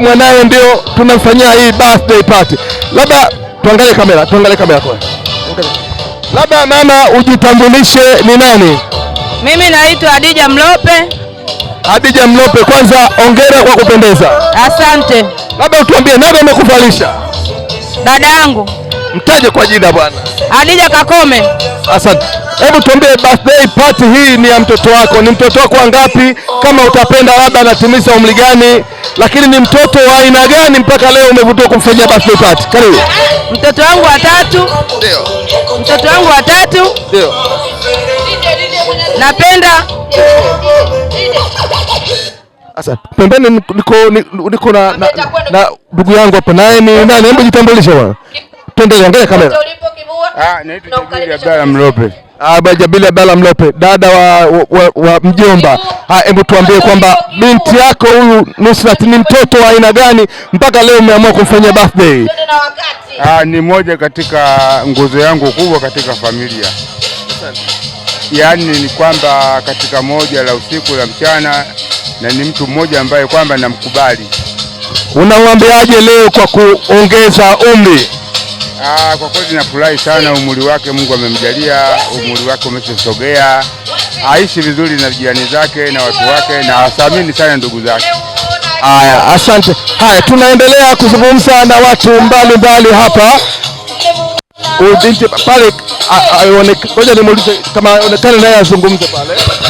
mwanawe mwanaye ndio tunamfanyia hii birthday party. Labda tuangalie kamera, tuangalie kamera kwa. Labda mama, ujitambulishe ni nani? Mimi naitwa adija Mlope. adija Mlope, kwanza ongera kwa kupendeza. Asante. Labda utuambie nani amekuvalisha? Dada yangu. Mtaje kwa jina bwana. adija Kakome. Asante. Hebu tuambie birthday party hii ni ya mtoto wako, ni mtoto wako wangapi? Kama utapenda labda anatimiza umri gani, lakini ni mtoto wa aina gani mpaka leo umevutiwa kumfanyia birthday party? Karibu. Mtoto wangu wa tatu. Ndio. Mtoto wangu wa tatu. Ndio. Napenda sasa pembeni niko niko na na ndugu yangu hapa, naye ni nani? Hebu jitambulishe bwana. Twende, angalia kamera. Ah, naitwa Abdalla Mlope. Jabili Abdalla Mlope, dada wa, wa, wa mjomba, hebu tuambie kwamba binti yako huyu Nusrat ni mtoto wa aina gani mpaka leo umeamua kumfanyia birthday? Ah, ni moja katika nguzo yangu kubwa katika familia, yaani ni kwamba katika moja la usiku la mchana, na ni mtu mmoja ambaye kwamba namkubali. Unamwambiaje leo kwa kuongeza umri Ah, kwa kweli nafurahi sana, umri wake Mungu amemjalia umri wake umeshasogea, aishi vizuri na jirani zake na watu wake, na athamini sana ndugu zake. Haya, asante. Haya, tunaendelea kuzungumza na watu mbalimbali hapa. Binti pale, ngoja nimuulize kama onekane naye azungumze pale.